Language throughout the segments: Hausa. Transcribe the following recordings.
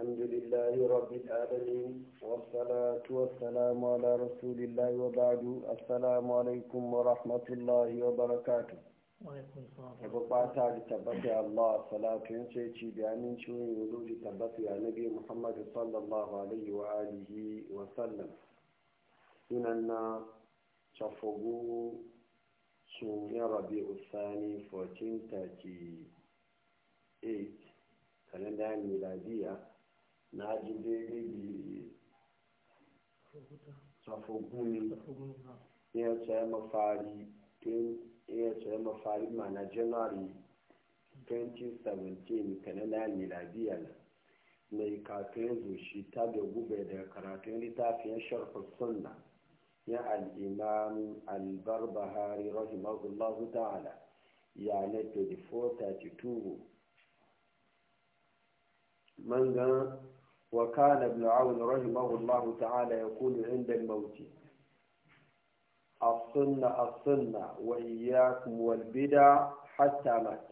الحمد لله رب العالمين والصلاة والسلام على رسول الله وبعد السلام عليكم ورحمة الله وبركاته ɓata da tabbata Allah salatu yin sai ci da yamin ciwon yanzu da tabbata ya nabi Muhammad sallallahu alaihi wa alihi wa sallam. Sunan na Chafogu sun rabi Usani 1438 kalendar miladiya na ji daidai bi tsafoguni ya tsaye mafari ya tsaye mafari mana january 2017 kananan miladiya na mai kafin zuci ta da gube daga karatun littafin sharfar sunna ya al'imam albarbahari rahimahullahu ta'ala ya na 2432 man gan Waƙala Ibn Awaunin Rahim Allahumma ta halaye Kulu idan mauti. Asuna, asuna, wai ya walbe da hattamat.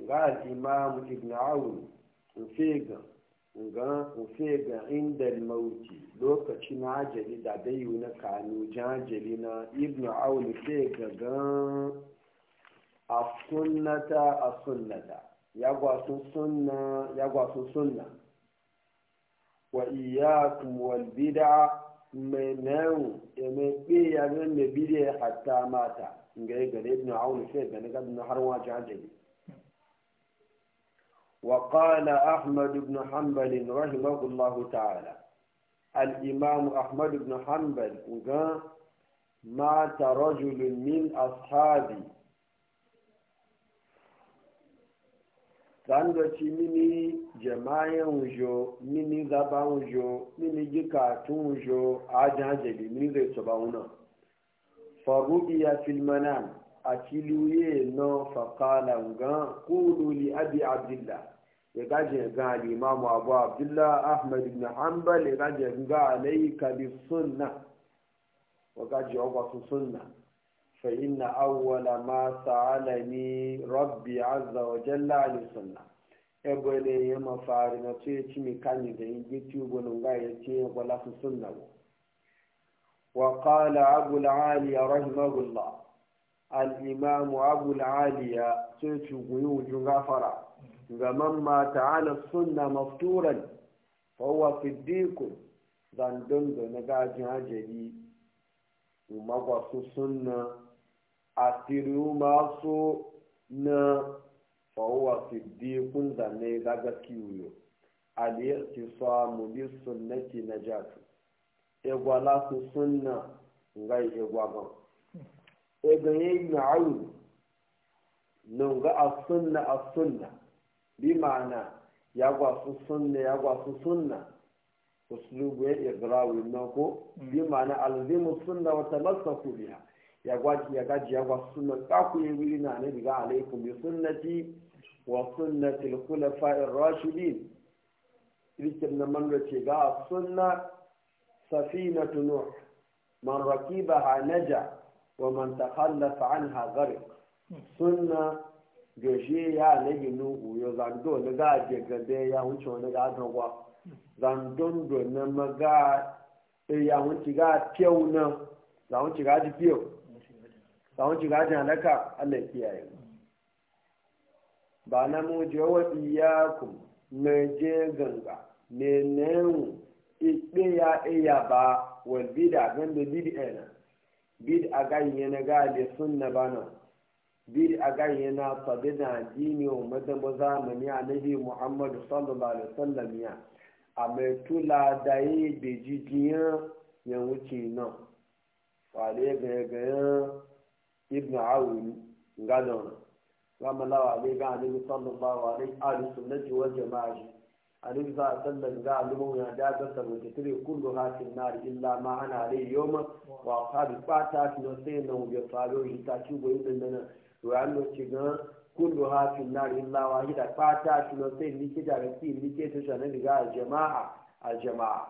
Nga al'imma muke Ibn Awaunin in fi gan in fi gan in dalmauti lokaci na Jami da Ado na Kano jan Ibn Awaunin in fi gan in fi gan يغوى سنة سنة وإياكم والبدع منو يمبي من مبيد حتى مات نقول ابن عون شيء بنقد نهر واجع وقال أحمد بن حنبل رحمه الله تعالى الإمام أحمد بن حنبل وقال مات رجل من أصحابي zandoci mini jama'in wujo mini zaba wujo mini gikatun wujo a jajabi mini zai tuba wuna farubiya filmanan a kiliye na fakala gan kulu li abi abdullah ya gaje ga alimamu abu abdullah ahmad ibn hanbal ya gaje ga alaika bi sunna wa gaje wa sunna فإن أول ما سألني ربي عز وجل عليه السنة أقول يا ما فارنا تي تمي كاني ده يجتيو بنوعي تي ولا سنة وقال أبو العالي رحمه الله الإمام أبو العالي تي تقولوا جنافرة فمن مات على السنة مفتورا فهو صديق ذن دندن قاعد جاجي وما قصو سنه asiru masu na fawwa siddiqun zanne da gaskiyo al-ihtisamu bi sunnati najatu igwala su sunna ngai egwaga egan yi na'u nan ga as-sunna a sunna bi ma'ana ya gwa su sunna ya gwa su sunna uslubu ya idrawi nako bi ma'ana alzimu sunna wata masa biha ya gwaji ya gaji ya gwa sunna ta yi wili na ne diga alaikum bi sunnati wa sunnati al-khulafa rashidin idan na manga ce ga sunna safinatu nuh man ha naja wa man takhallafa anha gharq sunna gaje ya nabi nuhu ya zando na ga je ya wuce wani ga gwa zandon do na maga ya wuce ga fiyo na za wuce ga ji fiyo samun shiga jin halaka Allah ya kiyaye ba na mu je wa iyakum me je ganga me newu ikpe ya iya e ba wal bid'a gan da bid'a e na bid'a ga yana ga da sunna na bid'a ga yana sabida dini wa madan zamani annabi Muhammad sallallahu alaihi wasallam ya ametula dai bejijiyan ya wuce nan wale gaya ibn Awul ngano gama lawa ne ga annabi sallallahu alaihi wa sunnati wal jama'a annabi sa sallan ga alumun ya da ga sabata tire kullu nar illa ma ana alai yawma wa qadi fata no sai no ya faro shi ta ci boye wa ga kullu nar illa wahida fata no sai ni ke da ni ke ta ga jama'a al jama'a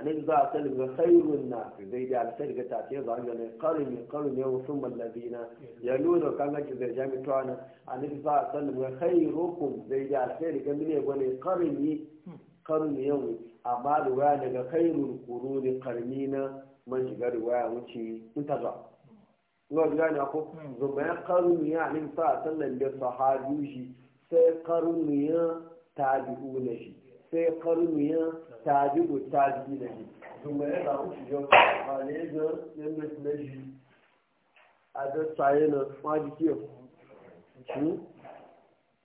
annabi za a sani ga khairun na zai da alsar ga tafiya za a gane karni karni yau sun mallabi na ya nuna kan zai jami tuwana annabi za a sani ga khairukum zai da alsar ga gwani karni yau amma ruwa daga khairun kuruni karni na man shiga ruwa wuce intaza Nga gane ko zuma karni ya annabi za a sani da sahabi shi sai karni ya tabi'una shi sai karni ya tajibu tajibi da shi zuma ya zaɓi shi yau ba ne ya ga yadda na shi a da tsaye na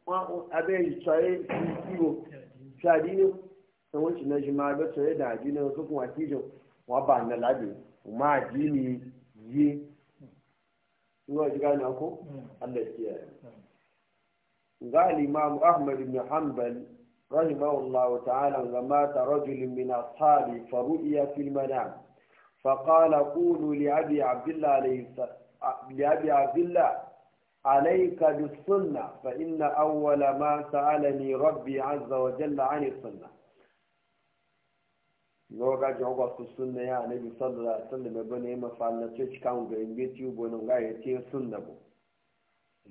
wajen yi tsaye su ko shadi ne san wancin na ma ga tsaye da haji na kuma wa ba na labe ma ne yi suna ji na ko hmm. allah kiyaye ga al-imam ahmad ibn hanbal رحمه الله تعالى لما رجل من أصحاب فرؤية في المنام فقال قولوا لأبي عبد الله عليه لأبي عبد الله عليك بالسنة فإن أول ما سألني ربي عز وجل عن السنة لوغا جوغا su يا نبي صلى الله عليه وسلم ba ne فعلنا تشكاون cikan ga inge tiyo بو ga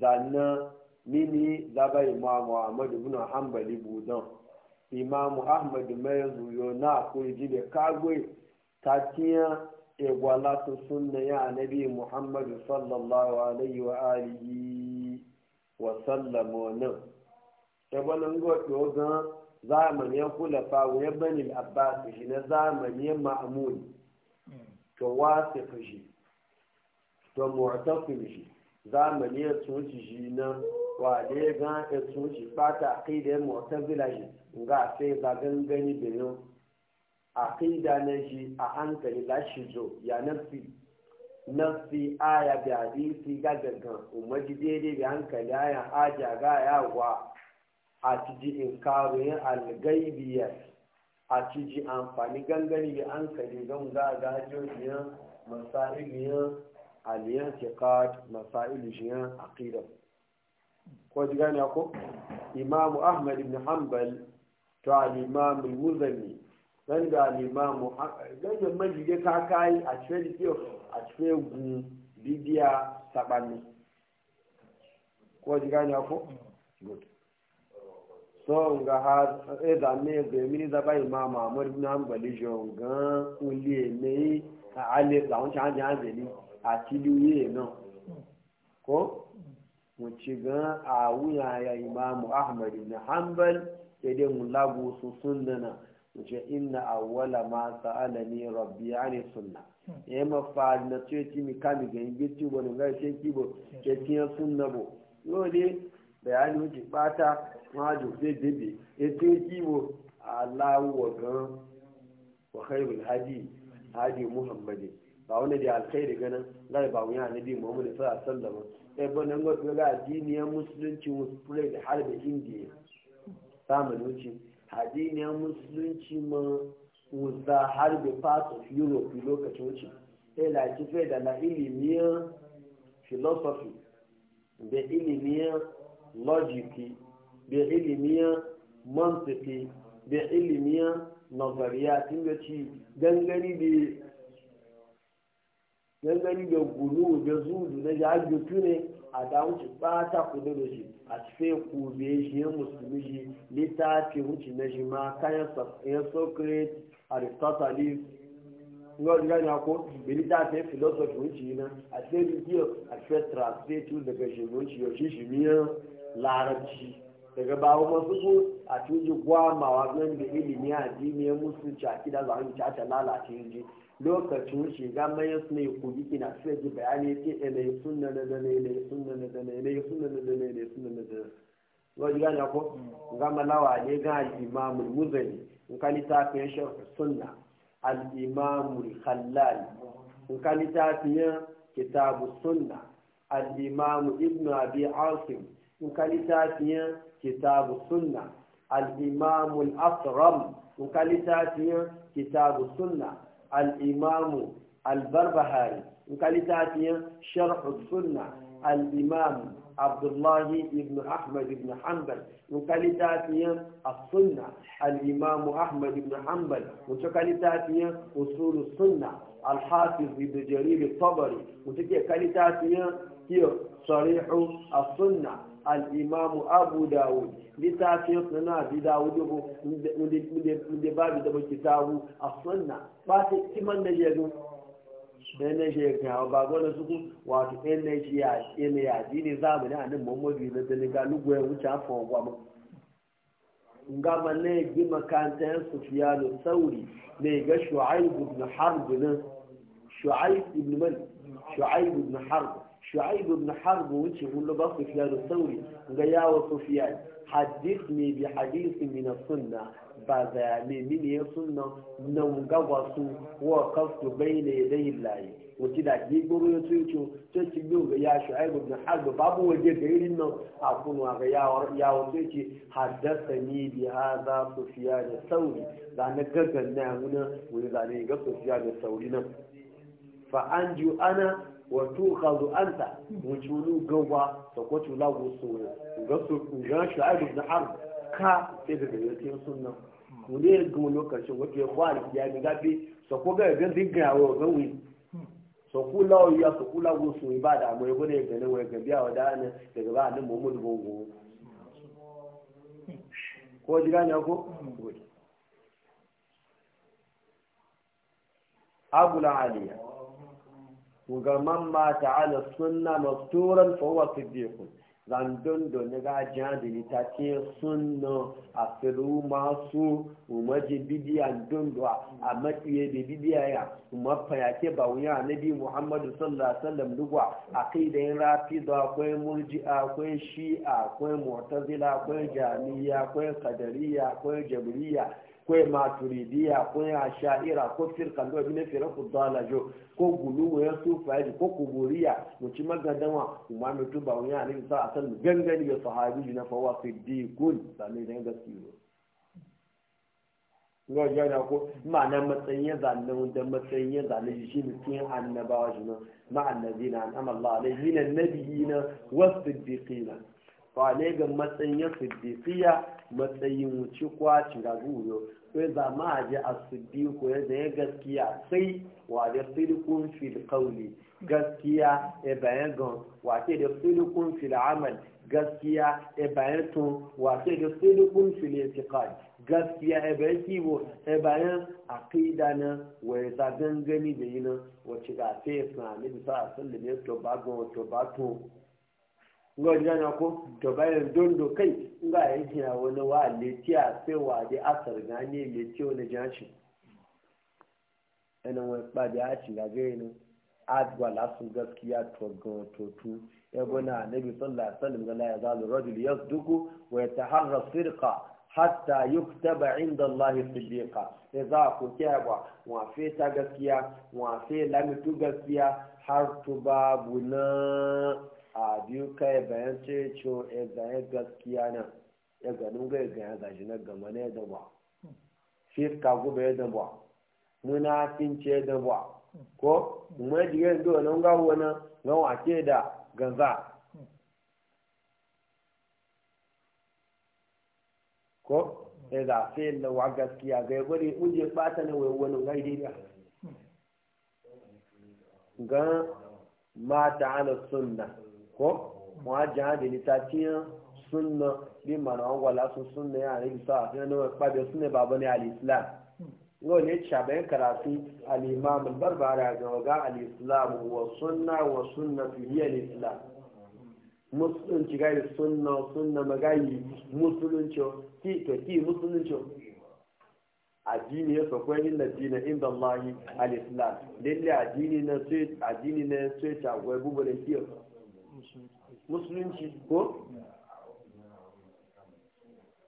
ya mini zaba imamu ahmad ibn hanbali budan imamu ahmad mai yo na kuri jibe kagwe ta tiya egwala to sunna ya nabi muhammadu sallallahu alaihi wa alihi wa sallam wannan ngo to ga kula kulafa wa bani abbas shi na ya ma'mun to wasiq shi to mu'tasim shi ya tsoci shi na wa wale gan etu shi fata aqida mu'tazila shi ga sai ba gangani da yau aqida na shi a hankali la shi zo ya nafsi nafsi aya bi hadisi ga gangan de de bi hankali aya aja ga wa a ji al inkarin algaibiyar a ji amfani gangani bi hankali don ga gajojiyan masailiyar aliyan tiqad masailu jiyan aqidar ko ji gane ko imam ahmad ibn hanbal to al-imam al-muzanni dan da al-imam dan majige ka kai a cikin kiyo a cikin gun bibiya sabani ko ji gane ko good so nga ha eh, e da ne be mini da ba imam ahmad ibn hanbal jo gan uli ne ka ale la on cha ja ni a ti lu ye e no ko Mu ci gan a wuya ya imamu ahmad ibn hanbal ya dai mu lagu su mu ce inna awwala ma sa'ala ni rabbi ani sunna ya hmm. eh, ma fa na ce ti mi kan ga yi ti bo ga ce ki bo ce ti ya sunna bo dole bayani wuce bata ma jo be de e ti ki bo allahu wa gan wa khairul hadi hadi muhammadin ba wani da alkhairi ganin gai ba wuya nabi muhammad sallallahu alaihi wasallam ebe na ngoto ga addiniyar musulunci spread har da indiya samun wuce addiniyar musulunci ma wuza har da part of europe lokacin wuce sai la ki fai da na ilimiyar philosophy da ilimiyar logic da ilimiyar mantiki da ilimiyar nazariya tun da ci gangari da gangani da gulu da zudu na jihar tune a da wuce bata kudu da shi a cife kube shi ya musulmi shi littafi wuce na shi ma kayan socrates aristotle ngọ́ ìgbà ni a kó littafi philosophy wuce na a cife rikiyar a cife translate daga shi wuce yau shi shi miyan larabci daga bawo masu su a cikin gwamawa ganin da ilimi addini ya musulunci a kida za a yi lalace yanzu lokacin shiga mai suna yi kogi kina suna ji bayani ce ilai eh, sunna na dana ilai sunna na dana ilai sunna na dana ilai sunna na dana wa ji gane ko gama lawa ne ga imamul muzani in ka littafin sharh sunna al-imamul khallal in ka littafin kitabu sunna al-imam ibn abi asim in ka littafin kitabu sunna al-imamul asram in ka littafin kitabu sunna al'imamu albarbahari in ka littafiyar sunna al'imamu abdullahi ibn ahmad ibn hanbal in ka littafiyar as-sunna al'imamu ahmad ibn Hambal wato ka littafiyar usulu sunna alhafiz ibn jarir tabari wato ke ka littafiyar sunna al'imamu abu dawud littafin suna bi dawud ko inda babu da muke tabu a sunna ba ta iman da jeru ɗan na shi ya ba gwada suku wato ɗan na shi ya ɗan ya ji ne zamani a nan muhammadu na dani ga lugu ya wuce hafa gwa gwamma nga ma ne gi makanta ya sufiyanu sauri ne ga shu'aib ibn harb nan shu'aib ibn man shu'aib ibn harb shu'aib ibn harb wuce hullu ba su fiya da sauri ga yawo sufiyan hadis ne bi hadisi min sunna ba da ne min ya sunna na gagwa su wa kaftu bayna yadayi lahi wuce da ke goro ya tuyo ce ci biyu ga ya shu'aib ibn harb babu waje ga irin nan a kunwa ga yawo yawo ce ce haddasa ni bi hadha sufiya da sauri da na gaggan na muna wani zane ga sufiya da sauri nan fa anju ana wato kazu anta wuculu gawa da kwacu lagu so ga su ga shu'aib ibn har ka sai da da yake sunna mune ga lokacin wato ya kwali ya ni gabe so ko ga ga diga wa ga wi so ku lawo ya so ku lagu so ibada da mai gune ga ne wai ga biya wa da ne daga ba da Muhammad gongo ko diga ne ko abul aliya ga man mata ala sunna mafturan fa huwa siddiqun zandon do ne ga jadi ta a firu masu umaji bidiya dondo a makiye da bidiya ya kuma fayake ba wuya nabi muhammadu sallallahu alaihi wasallam dugwa aqidan rafida akwai murji'a akwai shi'a akwai mu'tazila akwai jami'a akwai qadariya akwai jabriya ko maturidiya ko ya sha'ira ko firkan da ne fira ku dalajo ko gulu ya sufaji ko kuburiya mu ci magadama kuma mu tuba wani ya nabi sa asal gangani ga sahabi na fawa siddiqun sanai da gaskiya ga jana ko ma'ana matsayin zanne da matsayin zanne shi ne kin annabawa shi ne ma'annabina an amalla alaihi min annabiyina was siddiqina fale ga matsayin ya siddiqiya matsayin wuce kwaci ga guyo sai za ma a ji a siddiqo ya zai gaskiya sai wa da siddiqun fil kauli gaskiya e bayan gan wa da siddiqun fil amal gaskiya e bayan tun wa da siddiqun fil itiqad gaskiya e bayan kibo e bayan aqida na wa za gangani da nan wace ga sai sa ne bisa sallame to bago tobago bato nga jana ko to bayan dondo kai nga ya gina wani wa letiya sai wa da asar gane letiya wani jashi ɗanin wani da ya ci gaga yi adwa lasu gaskiya to tu ya e guna na bi sallallahu alaihi wasallam gala ya zalu rajul yasduku wa yataharra sirqa hatta yuktaba inda Allah siddiqa ya e za ku kyawa wa fe ta gaskiya wa fe lamitu gaskiya har tu babu na a biyu kai bayan ce ciwo ya zayen gaskiya nan ya ganin ga ga ya na gama ne yadda ba ka gube yadda ba munafin ce yadda ba ko mai jiye yadda wani nan ga gawo a wace da ganza ko ya da fi da wa gaskiya ga gori uje bata na wai wani ga dai ga ma ala sunnah ko muhajja da littafiyan sunna bi mana an gwala sun sunna ya ne afi a na kwabe sunna baba ne al-islam yau ne shabayin karatu al-imam al-barbara ga waga al-islam wa sunna wa sunna fi hiya al-islam musulunci yi sunna sunna magayi musulunci ki to ki musulunci addini ya sakwai yin ladina inda Allahi al-islam lalle addini na sai addini na sai ta gwai bubu da kiyo musulunci ko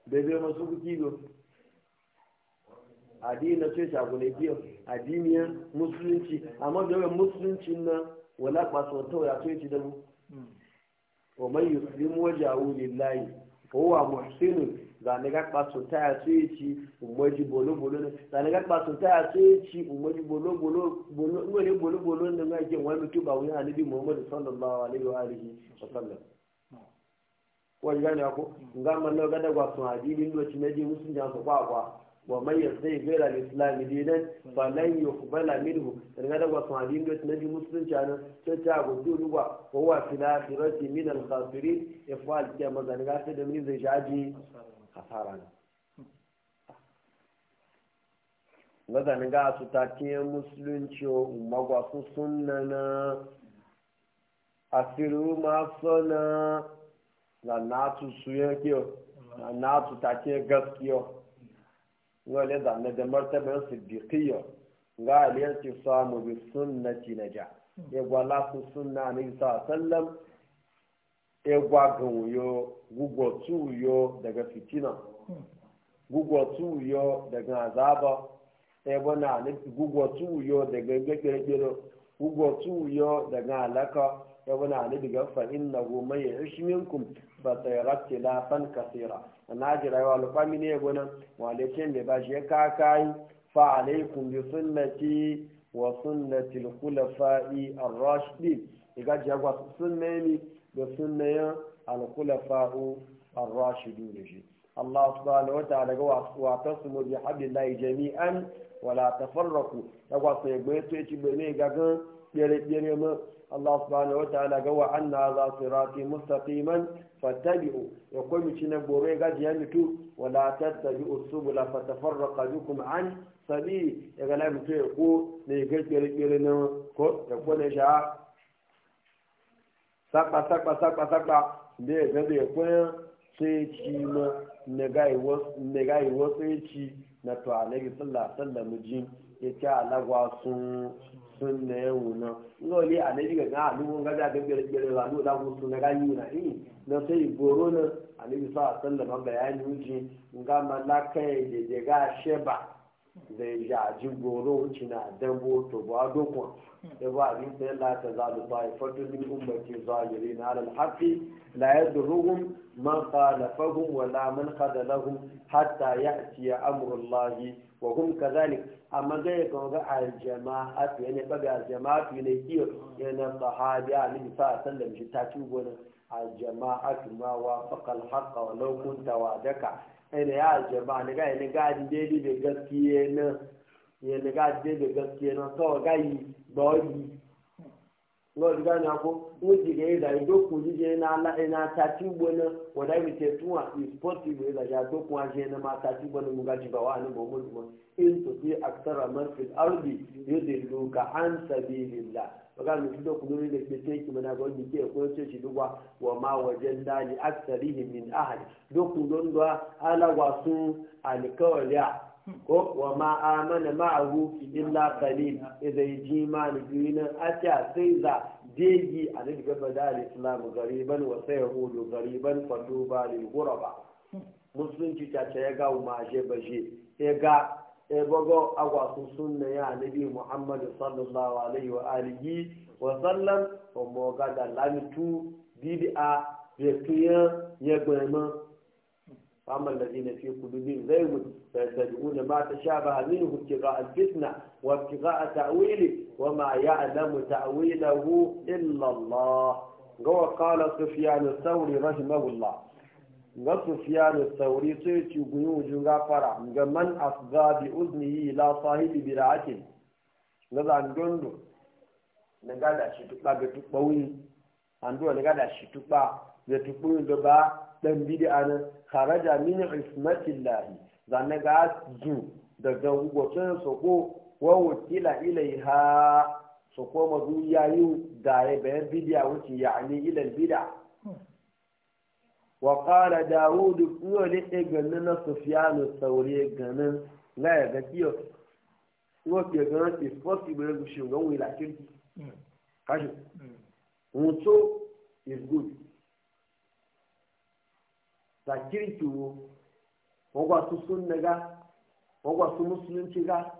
da zai masu kuki go adina na ce shagulai biyar. addiniyar musulunci amma da yawan musulunci na wala kwaso ta waya ce ci da mu hmm. wa mai yuslimu wajahu lillahi wa huwa muhsinun zane ga kpaso taya so ci umoji bolo bolo ne zane ga kpaso taya so ci umoji bolo bolo bolo ngole bolo bolo ne ga ke wani mutu ba wani alibi muhammadu sallallahu alaihi wa alihi wa sallam ko ji gane ko ngama no ga da gwasun hadili ndo ci meji musun jan kwa kwa wa man yasdai ghayra al-islam dinan fa lan yuqbala min daga da wasu hadin da nabi musulunci anan sai ta ta gudu ruwa wa huwa fil akhirati min al-khasirin ifal kiyama daga sai da mini zai jaji asara ne mazanin ga su ta tiyan musulunci magwasu suna na asiru maso na na natu suya kiyo na natu ta tiyan gaskiyo wale zanne da martabar siddiqiyo ga aliyar ce samu bi sunnati na ja hmm. ya gwala su suna na isa sallam egwa ga wuyo gugwatu wuyo daga fitina hmm. gugwatu wuyo daga azaba ebe na gugwatu wuyo daga gbekere gugwatu wuyo daga alaka ebe na alibi ga fahim na goma ya ishi minkum ba ta sai rafi lafan kasira na ji rayuwa lufami ne ebe nan walikin da ba shi ya kakai fa alaikum bi sunnati wa sunnati al-khulafa'i ar-rashidin iga jagwa sunnani da sunnayen alkulafa'u ar rashi da shi Allah subhanahu wa ta'ala ga wata su mu bi hablillahi jami'an wala tafarraqu da wasu ya gbe to ci bane ga gan bere bere mu Allah subhanahu wa ta'ala ga wa anna za sirati mustaqiman fattabi'u ya ko shi cin bore ga jiya mutu wala tattabi'u subula fatafarraqa bikum an sabi ya ga la mitu ko ne ga bere ɓere na ko ya ko ne sha sakpa sakpa sakpa sakpa da ya gaza ya kwaya sai ci na nega yi wasu ya ci na to alaihi sallah sallah mujin ya ci alagwa sun sun na ya wuna lori alaihi ga na alubu ga da ga gare gare ba nuna ku sun na ga yi na yi na sai goro na alaihi sallah sallah ma bayani mujin ga malaka ya e da ga sheba da ya ji goro wuce na dambo to ba dokon yawa abin sai la ta zalu bai fatu min ummati zahirin ala alhaqi la yadruhum man khalafahum wa la man khadalahum hatta ya'ti amru allah wa hum kadhalik amma ga ya kaga aljamaa ne baga aljamaa ne kiyo yana sahabi ali sa sallam shi ta ci gona aljamaa ma wafaqa alhaqa wa law kunta wadaka ina ya aljamaa ne ga ne ga dai dai gaskiye na yẹn lè ká dé lè gaskiya náà tọ́ ọ̀gá yìí gbọ́ yìí lọ́wọ́ ti ká ní akó wọ́n ti a ẹ̀dá ìdókun jíjẹ ẹ̀nà àtàtì gbọ́nà wọ̀dà ibi tẹ̀ tún wà ìspọ́tìbù ìlàjà àdókun ajẹ́ ẹ̀nà máa tàtì gbọ́nà mú gàjì wà ní bọ̀ in tó fi àkàtàrà mọ́tò àrùbí yóò dé lu ka án sàbí ìlà ọ̀gá mi fi dọ́kun lórí pété ìkìmọ̀ náà gbọ́dọ̀ ẹ̀kọ́ ṣe ló wà wọ́n máa wọ̀ jẹ́ ńlá ni ko wa ma amana ma'ahu illa qalil idan ji ma ni biyinin sai za deji a nan da al gariban wa hudu gariban fa tuba lil ghuraba musulunci ta ce ya ga ma je baje ya ga ya bago agwa sun sunna ya nabi muhammad sallallahu alaihi wa alihi wa sallam wa mo ga da lamitu bid'a ya ya فأما الذين في قلوبهم زيغ فيتبعون ما تشابه منه ابتغاء الفتنة وابتغاء تأويله وما يعلم تأويله إلا الله وقال سفيان الثوري رحمه الله ga Sufyanu Sauri sai ci gunu ju gafara ga man afza bi uznihi la sahibi bi ra'atin ga zan dondo na gada na shi ba dan bid'a nan kharaja min ismatillahi zanna ga zu daga gutsun soko wa wakila ilaiha soko mazu yayu da ya bayan bid'a wuce ani ila bid'a wa qala daud yo le ganin na sufyan sauri ganin la ya ga kiyo wo ke ganin is possible gushin gan wila kirki kashi mutu is good za kirki wo wagwa su sunna ga wagwa su musulunci ga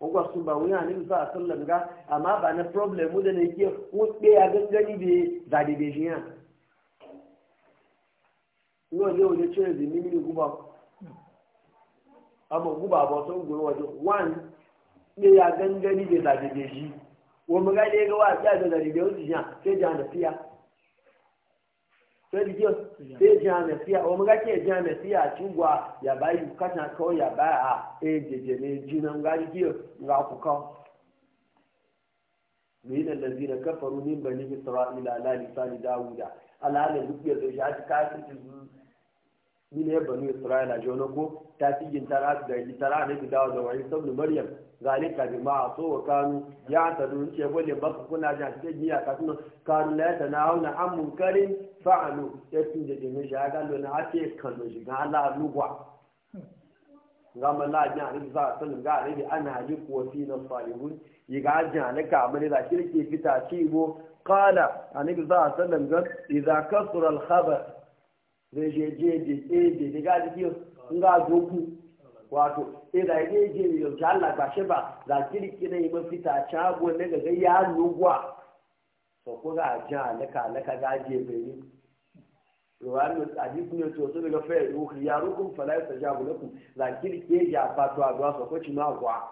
wagwa su ba wuya ne za a sallan ga amma ba na problem mu da ne ke wuɗe a gangani be za da be jiya ni waje waje cire zimi mini guba amma guba ba guri waje one ɗe ya gangani da za da be ji wa mu ga ɗe ga wa ya da da ribe wasu jiya sai ja fiya sai jiyo sai jamesiya o mga ke jamesiya chungwa ya bayi kata ko ya ba a e jeje ne jina nga jiyo nga kuka min allazina kafaru min bani isra'ila ala lisan dauda ala ala duk ya zo shi haka kafin ni ya banu isra'ila jona ko ta tigin tara da tara ne bidawa da wani sabu maryam zalika bi ma so wa kanu ya ta dun ce bole ba na ja ce giya ka kuma kanu la ta na hauna an munkarin fa'alu ya tun da dinin ja ga lo na ake kanu shi ga Allah lugwa ga la ja ne za ta ga ga bi an haji ku fi na salihun yi ga ja ne ka mun da kirki fita ci go qala anabi za sallam ga idza kasura al khabar rejejeje eje daga jikin nga zoku wato sai e da yake je ne yau ta Allah gashe ba za kirki ne yi mafita go ne ga ga ya lugwa to ko ga ja laka laka ga je bai ruwan mu hadisi ne to so daga fa'i ruhu ya rukum fala yastajabu lakum za kirki ya fa to adwa so ko ci ma gwa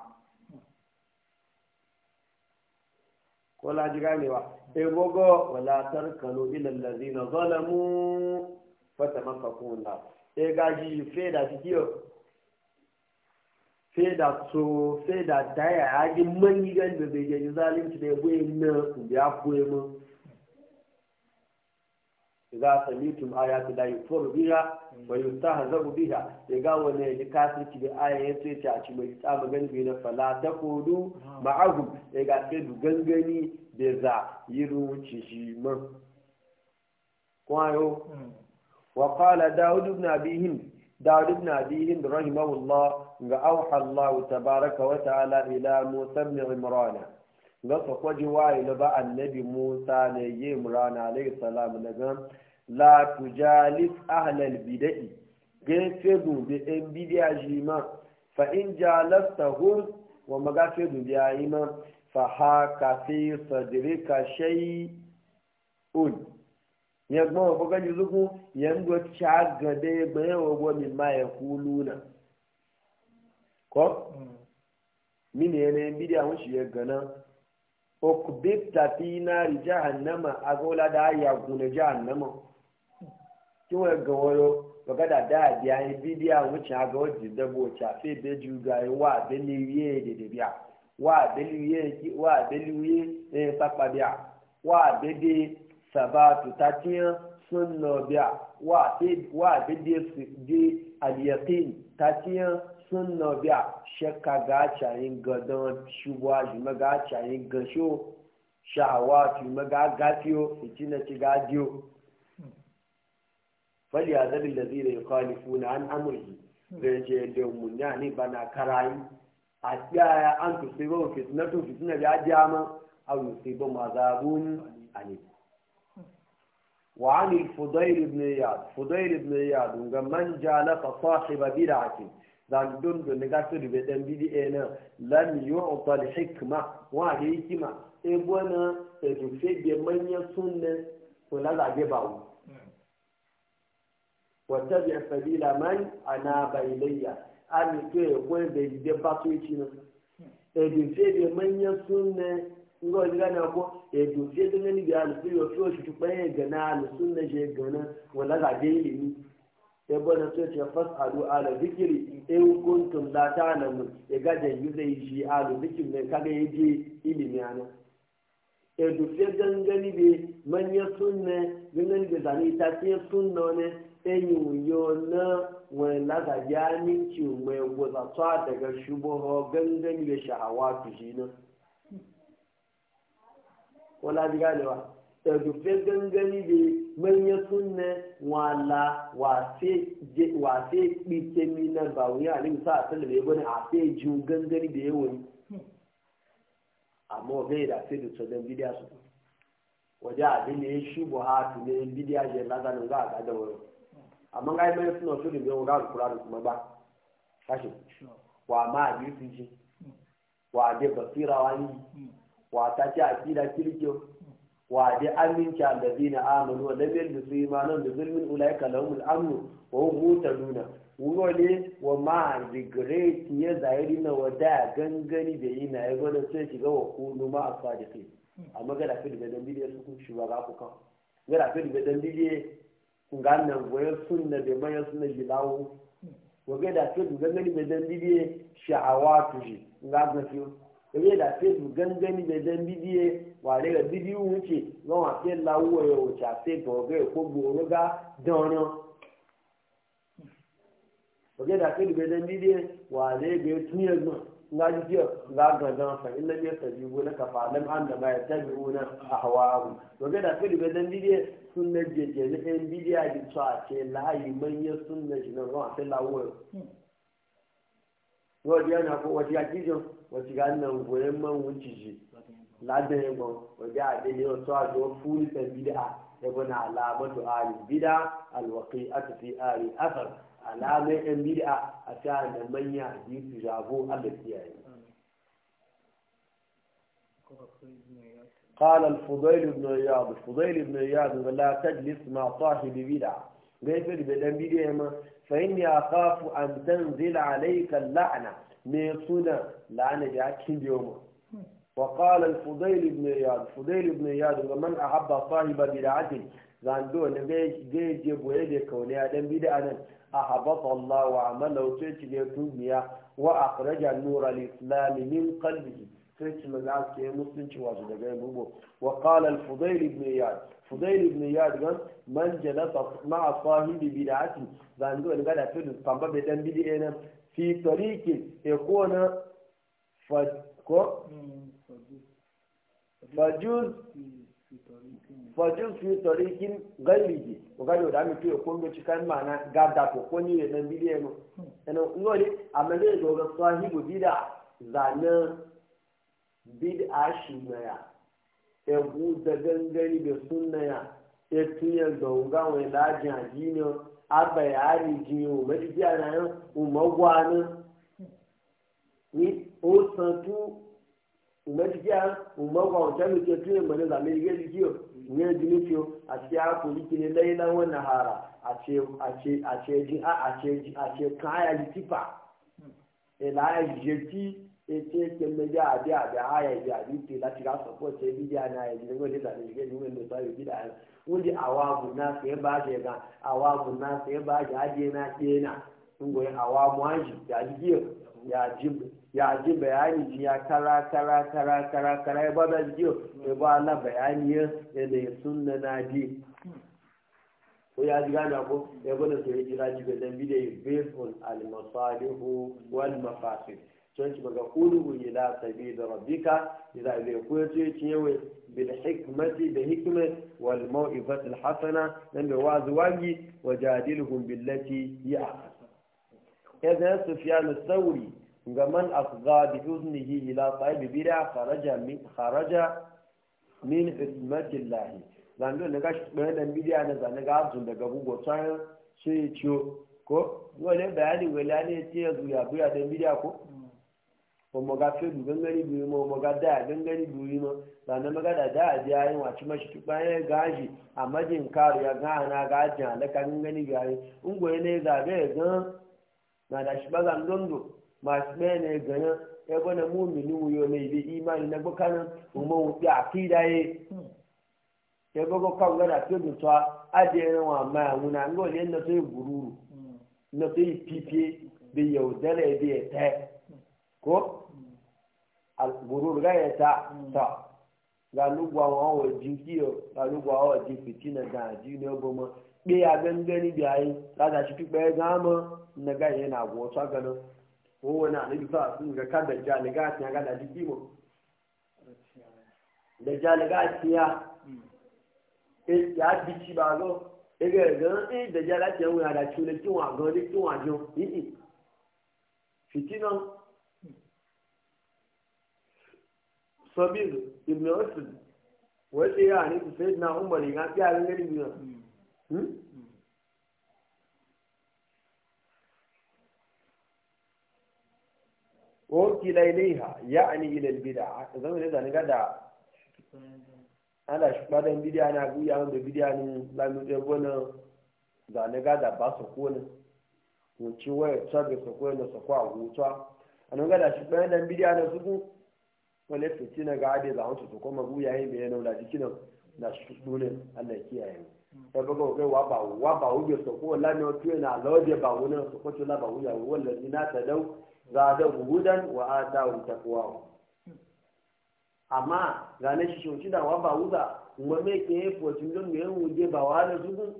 ko la ji ganewa e bogo wala tarkanu ila allazina zalamu fata maka kuna e gaji feda cikiyo feda so feda daya ya ji manyi gan da zai yi zalunci da ya buye na ya buye mu za ta mitum aya ta dayi for biya wa yustaha bu biya ya ga wani ya kafirci da aya ya ce ta ci mai tsama gangani na fala ta kodu ma'ahu ya ga sai du gangani da za yi ruci shi man kwayo hmm. وقال داود بن أبي هند داود بن أبي هند رحمه الله وأوحى الله تبارك وتعالى إلى موسى بن عمران قصف وجواي لبا النبي موسى نبي عمران عليه السلام نقام لا تجالس أهل البدع جنفذوا بأنبياء جيما فإن جالستهم ومغافذوا بأيما فحاك في صدرك شيء ya gbọ́n ọ̀pọ̀ kan jùlọ kún ya ń gbọ́ tí ma ya dé ẹgbẹ́ yẹn wọ́n gbọ́ mi máa wunshi kú lúnà kọ́ mí ni ẹni bí dí àwọn ṣìyẹ gàn náà okubik tàbí iná rí jahannama agbóladá ayagun ní jahannama tí wọ́n gàn wọ́n yọ lọ́gádà dáàbí a bí dí àwọn ṣìyẹ gàn ó ti ga ẹ̀ wá sabatu Tatiyan tiya sunna biya wa bi de al-yaqin ta tiya biya shakka ga chayin gadon shubwa ji maga chayin gasho shahawati maga gafiyo fitina ci gajiyo fali azabi lazira yukhalifuna an amrihi zai ce da mun ya ne bana karayi a tsaya an tusibo fitnatu fitna ya jama a aw yusibo mazabun alayhi وعن الفضيل بن اياد فضيل بن اياد من جالس صاحب بدعه zan dundu ne ga su dan bidi na lam yu'ta al hikma wa da hikma e bona e to fe be manyan sunne ko la zabe ba wu wa tabi sabila man ana bayliya an to ko be de ba to yi na e be fe be manyan sunne ngo diga na ko e do je to ne ga lu yo yo shi tupa e ga na lu sunna je ga na wala ga je ni e bo na to e fas fasalu ala dhikri in e kuntum la mu e ga yu yuze shi alu dikin ne ga e ili ilimi ana e do je gangani be manya sunna ga da ni ta sun no ne e yo na la ga ya ni ci mai wata daga shubuho ni be shahawatu shi na wala ji ganewa ɗauke gangani de manya sunne wala wase ɓike mina ba wuya a nemi sa a sallar ya gwani a sai ji gangani da yawon amma wa gai da sai da tsoron bidiya su waje abin ne ya shi buhatu ne bidiya ya lazanin ga a da wani amma ga mai suna so ne yawon ga kula da kuma ba kashi wa ma a biyu sun ci wa de basira wani hmm. wata ce a akida kirkiyo wa dai aminci allazina amanu wa lam yalbisu imanan da zulmin ulayi lahumul amnu wa hum muhtaduna wuro ne wa ma regret ya zahiri na wada gangani da yi na yabo da sai shiga wa kunu ma asadiqi amma ga da fili da dambiye su ku shi ga ku kan ga da fili da dambiye kun ga nan waya sunna da mayan sunna jilawo wa ga da fili da gangani da dambiye sha'awatu shi ga ga fiyo kame da fe su gangani da dan bidiye ware ga bidiyu wuce zan wa fe lawuwa e, ya wuce a fe ga oge ko goro ga dana oge da fe da dan bidiye ware ga ya tuya e zan nga ji jiya e, nga ga dan fa illa ya tabi go na kafa lam an da ma ya tabi una ahwaahu da fe da dan bidiye sun na jeje na en bidiya di tsa ce layi manyan sun na jinan zan wa fe lawuwa hmm. yau. Yau na ko wajen ajijin wọ́n ti ká nà ń wọ́n mọ̀ ń wọ́n jìjì ládùn yẹn gbọ́n wọ́n bí àdéhìí ọ̀tọ́ àjọ fún ìfẹ́ bídà ẹ̀bọ̀n náà aláàbọ̀tò ààrẹ bídà alùwàkì àtúntì ààrẹ àfàr aláàmẹ́ ẹ̀ bídà àti àná mẹ́yìn àti ìfìràbó àbẹ̀tì ààrẹ. قال الفضيل بن اياد الفضيل بن اياد لا تجلس مع صاحب بدعه غير بدن بدعه فاني اخاف ان تنزل عليك اللعنه me suna da ya kimbe mu وقال الفضيل بن اياد الفضيل بن اياد من احب صاحب بدعه zando ne zai je boye da kaune a dan bid'a nan a habata Allah wa amala wato ci ne dubiya wa akhraja nur al-islam min qalbihi musulunci wato daga gubo wa qala al-fudayl ibn iyad fudayl ibn iyad gan ga da tudu dan bid'a fi tariki ikona ko fajuz fajuz fi tarikin gairiji o ga da mi to ko ngo cikan mana gada ko ko ni ne bidiye no eno ngoli amale do ga sahibu bida zana bid'a shimaya e bu da gangani da sunnaya e tiyar da ga wani lajin ajino abayari jin o mẹ́tí bí ara yẹn o mọ̀ wá ní ní o san tú o mẹ́tí bí ara o mọ̀ wá o tẹ́lẹ̀ tó tún ìmọ̀ ní lamẹ́ríkà ti kí o ìyẹn di ní fi o a àkòlí kiri lẹ́yìn náà wọ́n nà hàrà àti àti àti ẹ̀jìn àti ẹ̀jìn àti ẹ̀ka ayáyí a ìlà ayáyí tí ètò ìpèmẹ́jà àbí àbí ayáyí àbí ìpè láti rà sọ́pọ̀ tẹ́lẹ̀ bí ara ẹ̀jìn ní wọ́n ní lamẹ́ríkà ni yi lè sọ wuli awabu na sai ba je ga awabu na sai ba je aje na kena sun goyi awabu ya ya ya bayani ji ya kara kara kara kara kara ya ba jiyo ji ya ba na bayani ya ne sunna na ji ko ya ji na ko ya bada sai ya ji ga dan bidiyo based on al masalihu wal mafasid sun ci baga wuyi la sabi da rabbika idza ila kuyace ciyewe bil hikmati da hikma wal mau'izati al hasana nan da wazi wagi wajadilhum billati hi ga man afza ila sahibi min hikmati da ga na zan ga azun daga bugo sai ciyo ko wani bayani wani ya ce ya zuya buya da bid'a ko maga fedu gangani biyu ma maga da gangani biyu ma sannan maga da da ji ayi wace mashi tu gaji a karu ya ga na a halaka gangani biyu ayi ne ya gan na da shi bazan dondo masu bai ne ya gwada wuyo ne bi imani na bukanan umar wuɗi a kida ye ya gwada kan gada fedu ta ajiye na wa maya wuna ngole na so na so bi bi ya ko gurur gaya ta mm. ta ga galugwa wa wa jinkiyo galugwa wa ji fitina da ji ne goma be ya gangani biyayi kaga shi tukbe gama na ga na go ta ganin na wani annabi sa sun ga kada jaliga ta ga da jiki mu da jaliga tiya mm. e ya ci ba go e ga ga e da jaliga tiya wa da chule tiwa go ni tiwa jo yi fitinan sabir ibn rasul wanda ya ne su sai na umar ya fi yaran gari biyu وكلا إليها يعني إلى البدع زمان إذا نقدر ana shiga dan bidiya na guya wanda bidiya ne lamu da gona da na gada ba su kone ko ci waya ta ga su kone su kwa hutuwa an ga da shiga dan bidiya na su wani fitina ga ade za wancu su kuma buya yin bayan da jikin na sudunin Allah kiyaye ta sai baka wa ba wa ba wuge so ko la no tuwe na lode ba wona so ko la ba wuya wallahi na ta dau za a da hudan wa a atau taqwa amma gane shi shi da wa ba wuza kuma me ke ko tun don me wuje ba wa da su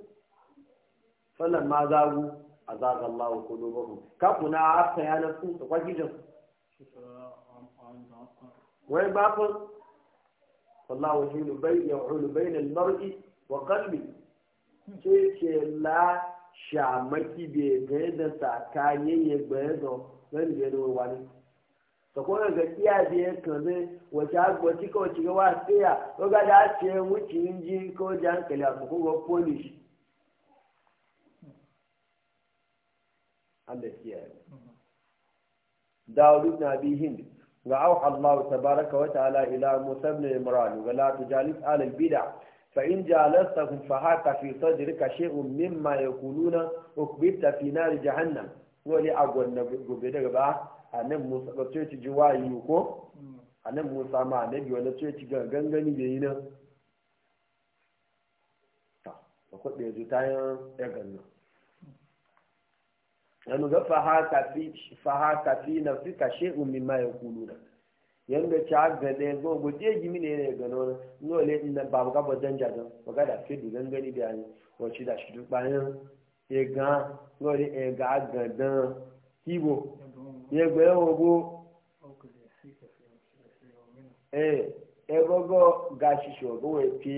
falan ma zagu azaga Allah qulubahum ka na afta yana su kwajin wai ba fa wallahu yulu bayna yulu bayna al-mar'i wa qalbi ce la shamaki be ga da tsakani da wani ga iya be kan ne wace agwaci ko ci ga wa tsaya ko ga da ce wuce inji ko a ko ga polish Allah kiyaye Dawud ibn Abi Hind ga auha Allah tabaraka wa ta'ala ila Musa ibn Imran ga la tujalis ala al-bid'a fa in jalastahum fa haka fi sadrika shay'un mimma yaquluna ukbita fi nar jahannam li agwan na gobe daga ba anan Musa ba ce ci jiwayi ko anan Musa ma bi wala ce ci gangani da yi nan ta ko da yanzu yan ya ganna yanu ga fahaka fi na fi kashe umin ma ya kulu na yanda ci aga ne gogo je gimi ne ne gano na nole na babu gaba danja don waga da fi dugan gani da yanyi wacce da shi duk bayan ya e ga nole ya e ga aga don kibo ya ga yawo eh egogo gashisho gowe pe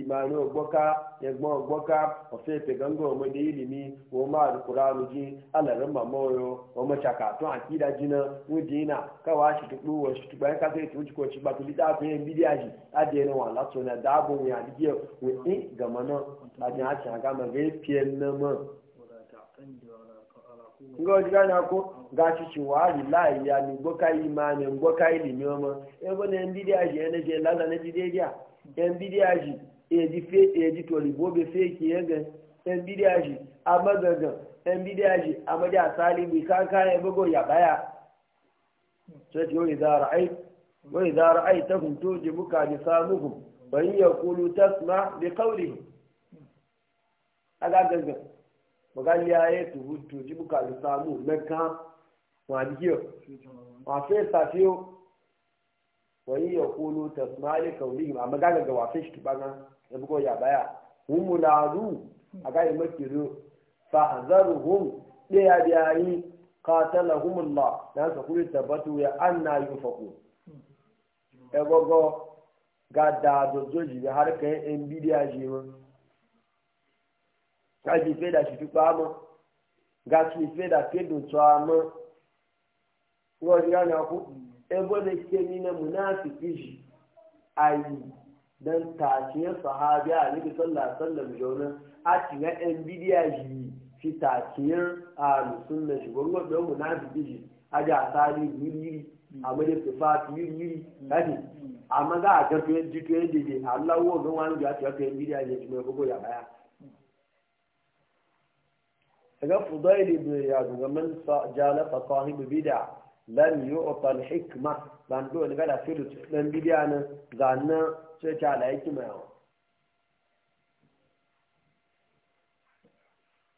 imani ogboka egbon ogboka ofe pegango omode ilimi wo ma alkuranu ji alarin mamoyo wo ma chakatun akida jina wudina kawa shi tukpu wo shi tukpa ka sai tuji ko shi ba tuli da ko yin bidiya ji ade ma ve pien na nga ojiga na ko gashi ci wa lillahi ya ni boka imani boka ilimi ọmọ ebe na ndị dị aji ene je lada na jide dị ndị dị aji eji fe eji tori bo be fe ki yega ndị dị aji amagaga ndị dị aji amaji asali bi kanka ya bugo ya baya sai yo idza ra'ay wa idza ra'aytahum tujibuka nisabuhum wa in yaqulu tasma' a ga-ga ga aga gaga magali ya yi tuhutu ji buka samu na kan wadiyo masu yi safiyo wani ya kulu ta a magaga ga wafe shi kibana ya buko baya hun laru a gari makiru fa zaru hun ɗaya da yayi katala humullah na sa kuri tabbatu ya an na yi faku ya ga da dozoji da harkar yan bidiya gaji fe da shi tukpa ama gaji fe da fe do tso ama wọ́n ti rán akó ẹgbọ́n lè ṣe nínú múnáàfì a ayi don tàkìyàn sàhábí àníbi sọ́là sọ́là jọ̀ọ́nà àti ní ẹnbídíà yìí fi tàkìyàn àlùsùn náà ṣùgbọ́n gbọ́dọ̀ múnáàfì kejì ajá àtàlí yìírí àmọ́lé pèfà àti yìírí láti àmọ́gá àjọpẹ́ dìtò ẹ̀ dèdè aláwọ̀ ọ̀gbọ́n wa ń àti ọ̀pẹ́ ẹ̀kọ́kọ́ yàrá ga fudayl ibn ya ga man jala fa sahib bid'a lam yu'ta al hikma dan do ne gada filu dan bid'a ne zanna ce ta la hikma yawa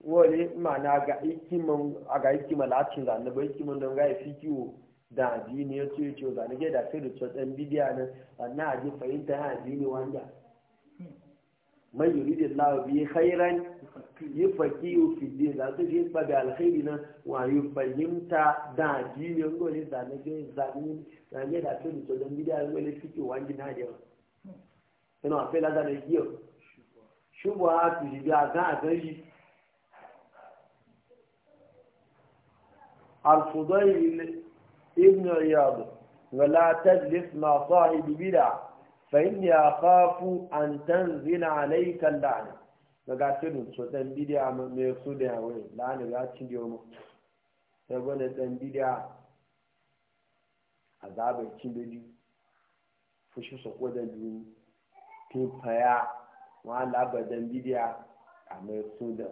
wani ma'ana ga hikiman a ga hikima latin zanna ba hikiman don ga fi kiwo da addini ya ce ce zanna ga da filu dan bid'a nan zanna a ji fahimta addini wanda ما يريد الله به خيرا يفقيه في الدين لا تجد باب الخيرنا ويفهمت دين يقول إنسان نجي زعيم يعني لا تقول تقول بدي أقول لك في وان جناه جوا هنا في هذا الجيو شو بوا تجيب أذان أذني الفضيل ابن رياض ولا تجلس مع صاحب بدعه fa'inni ya kafu an tanzila alaikan la'ana na gasirin su ɗan bidiya mai su da yawon la'ana ya ci da yawon sai gwada ɗan bidiya a zaɓar cin da biyu fushi su ko da biyu tun faya wa labar ɗan bidiya a mai su da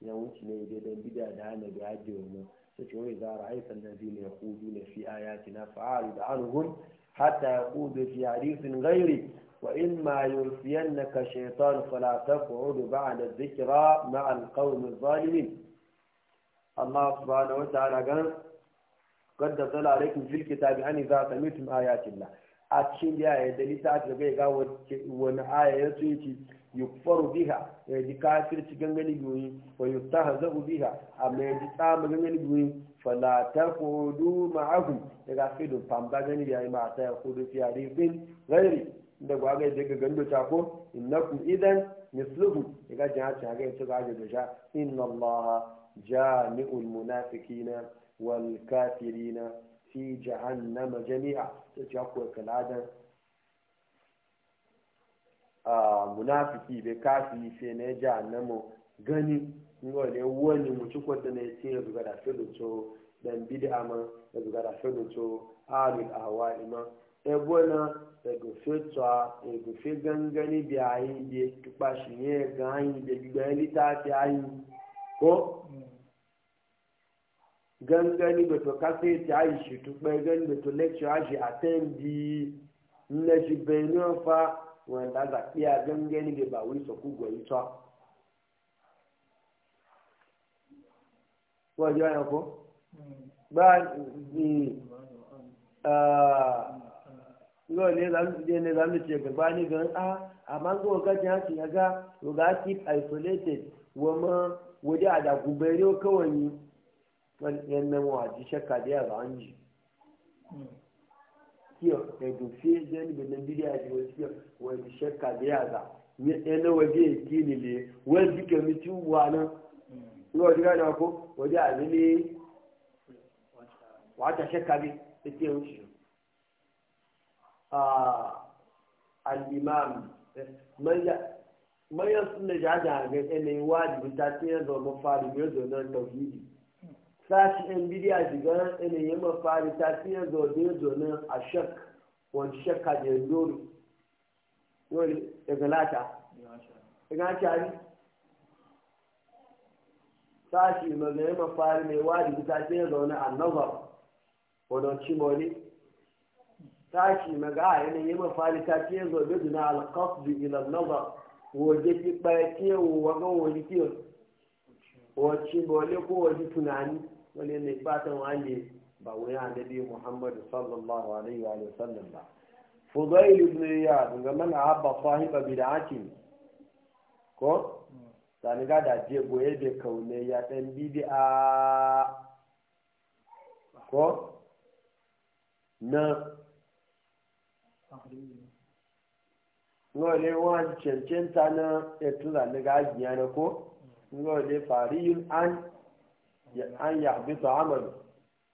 yawon ci ne da ɗan bidiya da hana da ya ji yawon sai ce wani zara haifar da zai ne ya kudu na fi ayatina fa'ari da an hatta yaqudu fi hadithin gairi, wa in ma yursiyannaka shaytan fala taq'ud ba'da dhikra ma'a al-qawmi adh-dhalimin Allah subhanahu wa ta'ala gan قد دل عليكم في الكتاب أن إذا سمعتم آيات الله أتشين يا يدلي تاج بيجا وان آية تيجي يكفر بها يدي كافر تجنن يجوي ويستهزأ بها أما يدي تام جنن يجوي ta hudu ma'ahu daga fidin famba gani ya yi mata ya hudu fiye da ibin gairi inda ga ga daga gando ta ko innakum idan misluhu daga jihar ta ga ita da sha inna allah jami'ul munafiqina wal kafirina fi jahannama jami'a ta ce ko kaladan a munafiki bai kafi sai ne jahannama gani ngo ne wani mu ci kwanta ne ce ya zuga da fedun so dan bid'a ma ya zuga da fedun so alul ahwa'i ma e bona e go fetwa e go fe gangani bi ayi bi tupa shi ne gani bi gbe lita ti ayi ko gangani da to kase ti ayi shi tupa gangani da to lecture aji attendi na shi benin fa wanda za iya gangani da ba wai so ku goyi ta ko ji wani ko ba ne zamu ne zamu ce gaba ni ga a amma ko ga ta ci ga to isolated wa ma waje a da gubere kawai yan nan wa ji shakka da ya ga an ji kiyo da dufe jan da nan bidiya ji wa kiyo wa ji shakka da ya ga yan nan waje ya kini le wa ní ọdún gánà kó wọ́n jẹ́ àlélé wàá tàṣẹ́ títí ẹ̀ ń ṣe. al'imam manyan suna jaja ga yanayin wajibi ta ce yin zama fari biyar zonar tauhidi sashi yan bidiya shiga yanayin mafari ta ce yin zonar zonar a shak wani shakka da yin dole yau daga lata daga sashi magayin mafari mai wajibi ta ce zaune a nazar wadanci mori sashi maga a yanayin mafari ta ce zaune zuna alkasbi ilan nazar waje ki ɓaya kewo waga waje ke wace mori ko waje tunani wani ne fatan wani ba wani annabi muhammadu sallallahu alaihi wa sallam ba fudail ibn iyad ga man abba sahiba bid'atin ko sani gada da je goye bai kaune ya ɗan bidi a ko na ngole wa cancanta na etu da ni ga na ko ngole fariyun an an ya bi ta amalu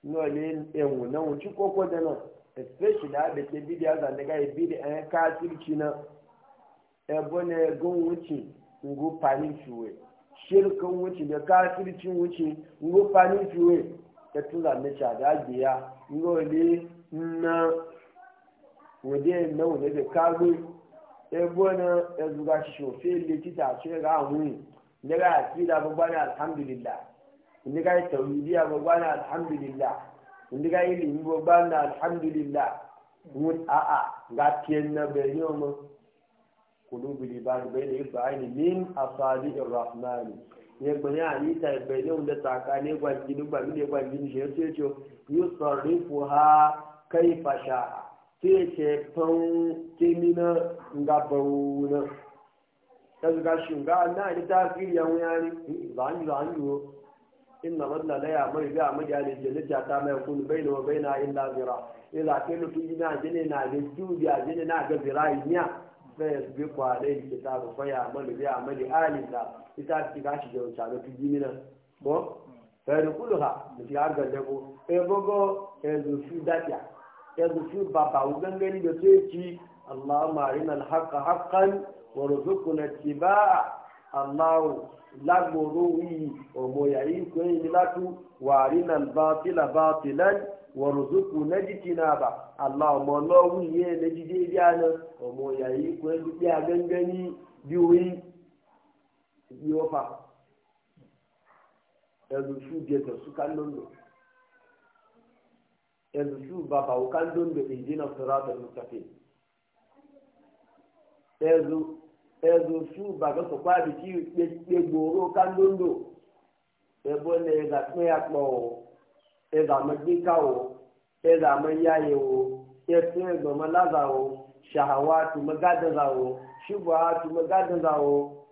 ngole enwu na wuci koko da nan especially da ke bidiya da ni ga e bidi an kasirci na ebo ne Ngo panin fiwe shirkin wuce da kafircin wuce ngo panin fiwe ta tura na shaga biya ngole na wade na wade da kagbe ebo na ya e e zuga shi shofe likita ce ga mu ne ga akida babba ne alhamdulillah ne ga tawhidiya babba ne alhamdulillah ne ga ilimi babba ne alhamdulillah mun a ga tiyan na bayyana قلوب العباد بين إبعاد من أصابع الرحمن يبني عليك بين يوم لتعقاني وانجين وانجين وانجين شيرتيو يصرفها كيف شاء تيشي فون كمينا ngabawuna ta zuga shi na ni ta fili yan wani zani zani yo inna madla na ya mai ga majali ya ta mai kun baina wa baina illa zira ila kelu tujina jine na ga tubiya jine na ga zira niya na ya bi kwa da yi kita ga kwaya malu biya mali alisa ita ta ga shi jawo ta e, e, fi jimina ko fẹ́ẹ̀rù kúlù ha lùtì àgàdẹ́gbò ẹgbọ́gọ́ ẹ̀zùfú dàbíà ẹ̀zùfú bàbá wùgángan níbi tó ti aláwọ̀ àrínà haka hakan wọ̀rọ̀dọ́kù na ti bá aláwọ̀ lágbòrò wíyì ọmọ yàrá ikú ẹ̀yìn ní látú wà àrínà bàtìlà bàtìlà wọ̀rọ̀dọ́kù na jìtì náà bà aláwọ̀ mọ̀ lọ́wọ́ yìí ẹ̀ ọmọ yayi pẹ̀lú bí a gẹ́gẹ́ bí orí bí wọ́n fa ẹ̀rù fún jẹ̀tọ̀ sún kándondo ẹ̀rù èyí náà sọ̀rọ̀ àtọ̀rọ̀ kàfé ẹ̀rù ẹ̀rù fún bàbá pé gbòòrò kándondo ẹ̀bọ́ ni ẹ̀dà pín apọ̀ ọ̀ ẹ̀dà mọ́ gbíkà ọ̀ ẹ̀dà mọ́ yáyẹ̀ ọ̀ ẹ̀sùn ẹ̀gbọ̀n mọ́ lázà ọ̀. shahawatu magadan zawo shubuhatu magadan zawo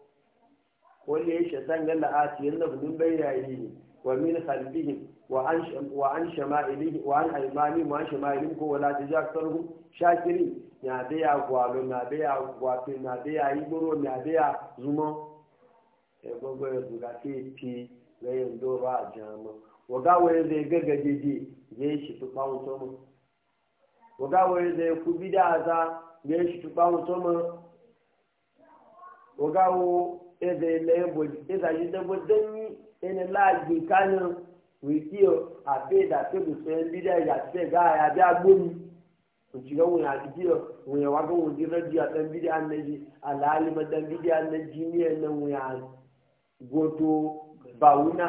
wanda ya shaitan ga la'ati yanzu gudun bayyayi wa min khalfihim wa an wa an wa an aymanihim wa an shama'ilihim ko wala tajaktaruhum shakirin ya da ya gwalo na da ya na da ya iboro na da ya zuma. e ya zuga ke ti ga yanzu ba jama'a. wa ga zai gaggaje ya shi kawo oga wani da ya kubi da aza ya yi shi wuto ma oga wo eza yi lẹ́yìn bòjì eza yi dẹ́gbọ́ dẹ́ni ẹni láàgbé kánú wìkí ọ àbẹ́ ìdàkébù fẹ́ lídà ìyàtẹ́ gá àyàbí agbóni òjìlá wọn àdìdí ọ wọn yẹ wá kó wọn di rẹ́díò àtẹ́nbídì ànẹ́jì àlàálẹ̀ mọ́tẹ́nbídì ànẹ́jì ní ẹ̀nà wọn àgọ́tò bàwúnà.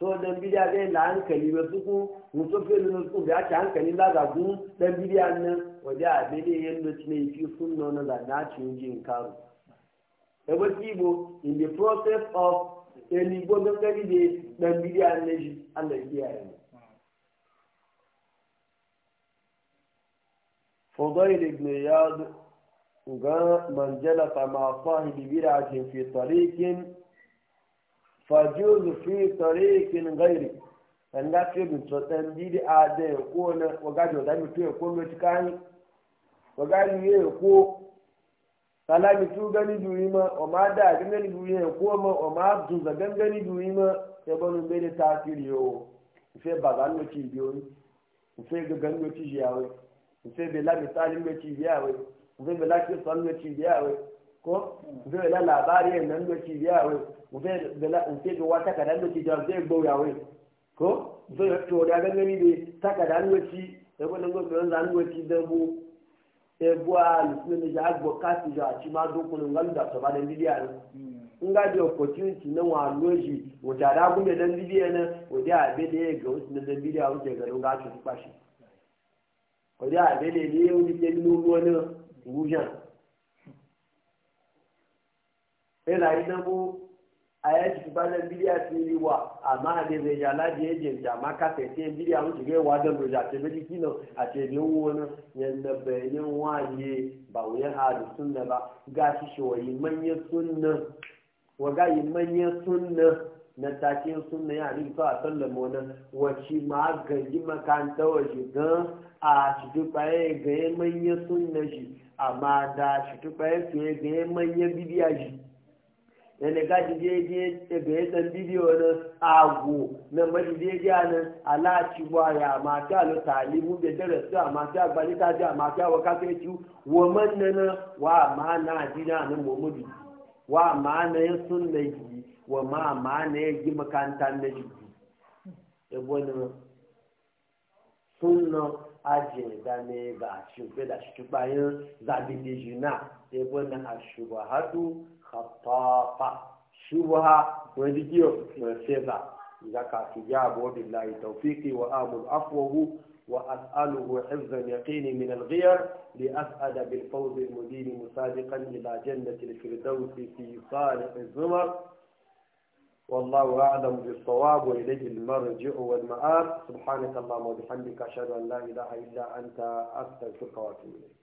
so dan bidiya zai hankali ba su ku mutum fi da su da ci hankali la ga gun dan bidiya nan waje a bidi yanda ci ne fi sunno na da na jin karo e ba in the process of eni go da kari de dan bidiya ne shi Allah ya yi فضيل بن إياد قال من جلس مع صاحب برعة في طريق fajuzu fi tariqin ghairi an ga fi bin tsotan bidi a da ko na wagaji da mi to ko no tikani wagaji ye ko sala ma o ma da gani ma o ma du za ma e bonu be de tafiri yo fe bagan no ko zai la labari yan nan doki ya wai ufe da ufe da wata kada doki da zai ya wai ko zai to da ga gani e ne takada doki da wannan gobe zan doki da mu e bua lusin da agbo kasi da ci ma dokun ngal da to ba da bidiya ne hmm. nga di opportunity na wa loji wata da gume dan bidiya ne a abe da ya ga wasu da bidiya wuce ga ga ci kwashi a abe da ya wani ne ruwa ne wujan ila yi nabo a ya ci e e ba da biliya ce yi wa amma da zai ya laji ya jenta ma ka sai ce biliya mun shiga wa da roja ce bi kino a ce ne wani yanda bayanin waje ba wuyan hadu sunna ba gashi shi wayi manyan sunna wa ga yi manyan sunna na takin sunna ya ni fa sallama nan wace ma gangi makanta waje gan a shi duk bayan ga manyan sunna shi amma da shi duk bayan ga manyan bidiya shi yana gaji daidai daga ya ɗan bidiyo na ago na maji daidai nan alaci waya mafi alo talibu da darasu a mafi agbali ta ji a mafi awa kafeci wa manna wa ma na adina na muhammadu wa ma na ya sun na yi wa ma ma na ya yi makanta na yi ebo na sun na ajiye da ne ga shi fi da shi bayan zabi da jina ebo na a shubahatu خطاطة شبهة وذكيو وسيزا إذا حجاب وبالله توفيقي وآمل عفوه وأسأله حفظ اليقين من الغير لأسأل بالفوز المدين مسابقا إلى جنة الفردوس في صالح الزمر والله أعلم بالصواب وإليه المرجع والمآب سبحانك اللهم وبحمدك أشهد أن لا إله إلا أنت أستغفرك وأتوب إليك